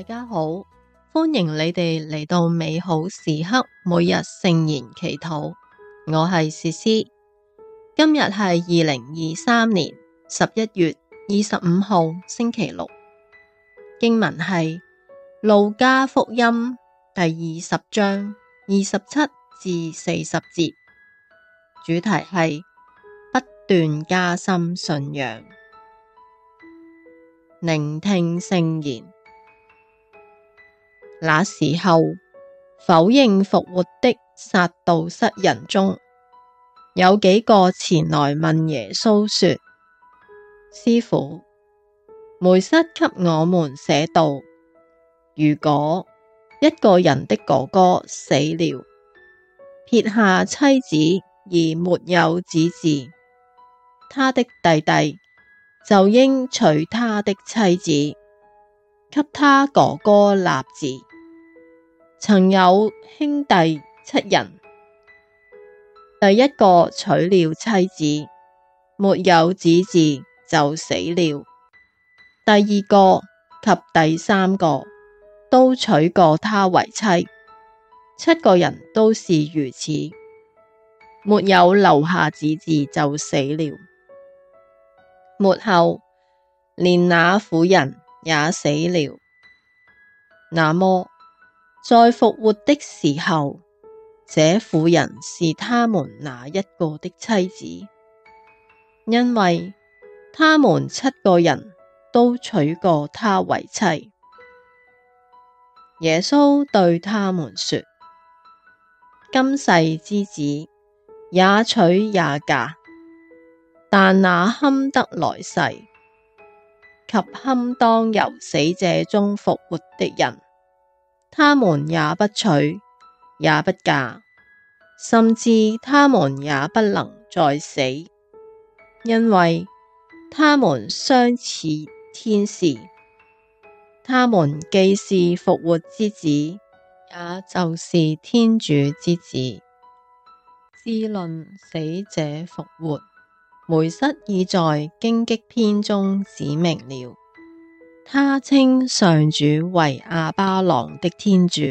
大家好，歡迎你哋嚟到美好時刻每日聖言祈禱。我係詩詩，今日係二零二三年十一月二十五號星期六。經文係路加福音第二十章二十七至四十節，主題係不斷加深信仰，聆聽聖言。.那時候，否認復活的撒杜塞人中有幾個前來問耶穌說：師傅，梅瑟給我們寫道，如果一個人的哥哥死了，撇下妻子而沒有子嗣，他的弟弟就應娶他的妻子，給他哥哥立嗣。」曾有兄弟七人，第一個娶了妻子，沒有子嗣就死了；第二個及第三個都娶過她為妻，七個人都是如此，沒有留下子嗣就死了。末後連那婦人也死了。那麼，在復活的時候，這婦人是他們那一個的妻子？因為他們七個人都娶過她為妻。耶穌對他們說：今世之子也娶也嫁，但那堪得來世，及堪當由死者中復活的人。他們也不娶，也不嫁，甚至他們也不能再死，因為他們相似天使，他們既是復活之子，也就是天主之子。至論死者復活，梅瑟已在荊棘篇中指明了。他稱上主為亞巴郎的天主、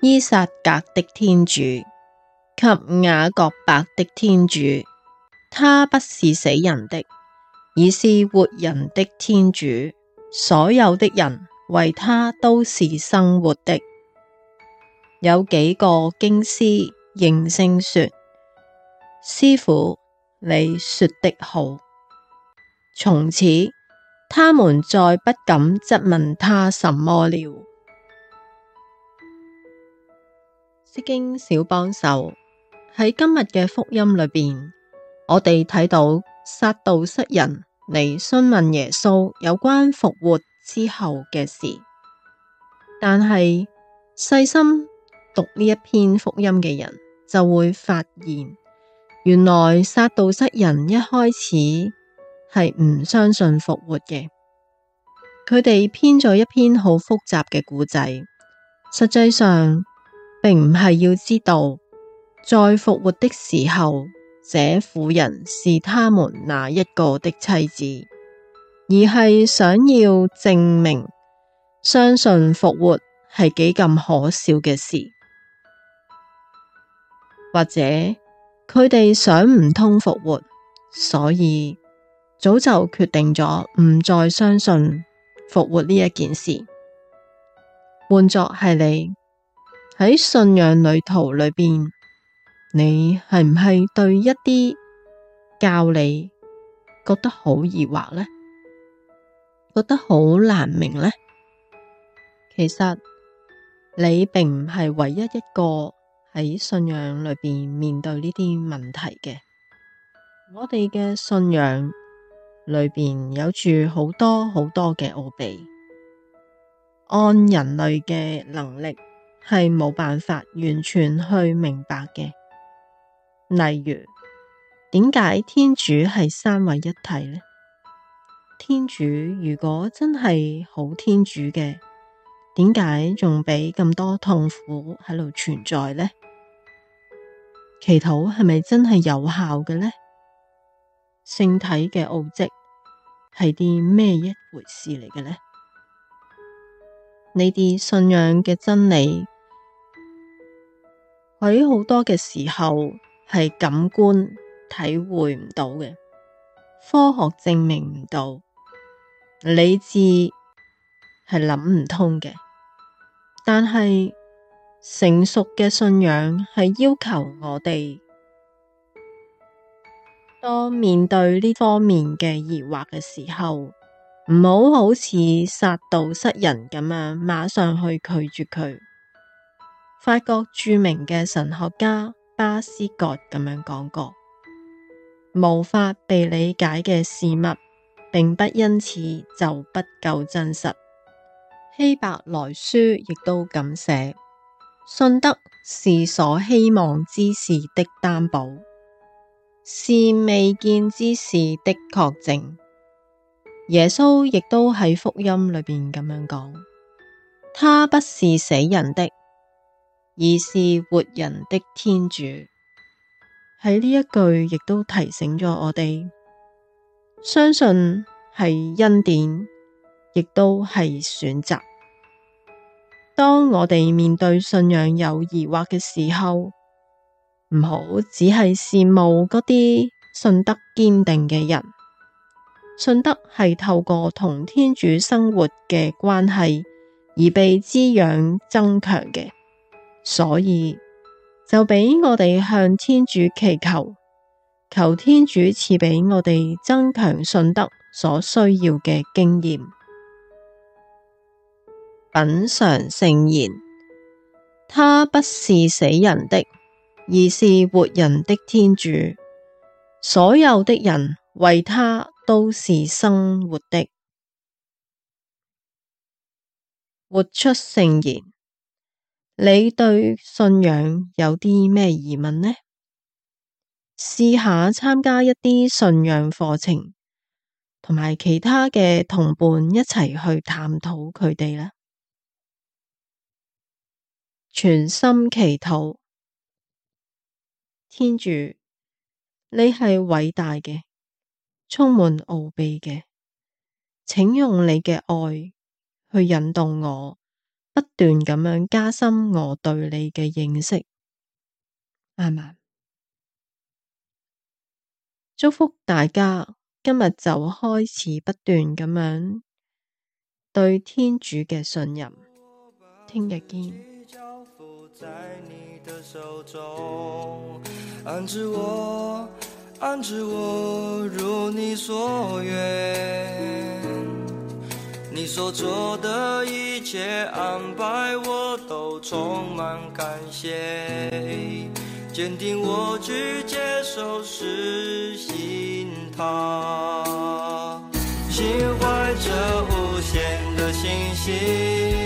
依撒格的天主及雅各伯的天主。他不是死人的，而是活人的天主。所有的人為他都是生活的。有幾個經師應聲說：師傅，你說的好。從此，他們再不敢質問他什麼了。釋經小幫手。喺今日嘅福音裏邊，我哋睇到撒杜塞人嚟詢問耶穌有關復活之後嘅事，但係細心讀呢一篇福音嘅人就會發現，原來撒杜塞人一開始。係唔相信復活嘅，佢哋編咗一篇好複雜嘅故仔，實際上並唔係要知道在復活的時候，這婦人是他們那一個的妻子，而係想要證明相信復活係幾咁可笑嘅事，或者佢哋想唔通復活，所以。早就決定咗唔再相信復活呢一件事。換作係你喺信仰旅途裏邊，你係唔係對一啲教理覺得好疑惑呢？覺得好難明呢？其實你並唔係唯一一個喺信仰裏邊面面對呢啲問題嘅。我哋嘅信仰。裏邊有住好多好多嘅奧秘，按人類嘅能力係冇辦法完全去明白嘅。例如，點解天主係三位一體呢？天主如果真係好天主嘅，點解仲畀咁多痛苦喺度存在呢？祈禱係咪真係有效嘅呢？聖體嘅奧蹟係啲咩一回事嚟嘅呢？你啲信仰嘅真理喺好多嘅時候係感官體會唔到嘅，科學證明唔到，理智係諗唔通嘅。但係成熟嘅信仰係要求我哋。當面對呢方面嘅疑惑嘅時候，唔好好似撒杜塞人咁樣，馬上去拒絕佢。法國著名嘅神學家巴斯噶咁樣講過：「無法被理解嘅事物，並不因此就不夠真實。」希伯來書亦都咁寫：「信德是所希望之事的擔保。」是未見之事的確證。耶穌亦都喺福音裏邊咁樣講，他不是死人的，而是活人的天主。喺呢一句亦都提醒咗我哋，相信係恩典，亦都係選擇。當我哋面對信仰有疑惑嘅時候。唔好只係羨慕嗰啲信德堅定嘅人，信德係透過同天主生活嘅關係而被滋養增強嘅，所以就俾我哋向天主祈求，求天主賜俾我哋增強信德所需要嘅經驗。品嚐聖言，他不是死人的。而是活人的天主，所有的人為他都是生活的。活出聖言，你對信仰有啲咩疑問呢？試下參加一啲信仰課程，同埋其他嘅同伴一齊去探討佢哋啦。全心祈禱。天主，你係偉大嘅，充滿奧秘嘅，請用你嘅愛去引導我，不斷咁樣加深我對你嘅認識。慢慢，祝福大家，今日就開始不斷咁樣對天主嘅信任。聽日見。的手中，安置我，安置我如你所願。你所做的一切安排我，我都充滿感謝。堅定我去接受，實行他，心懷着無限的信心。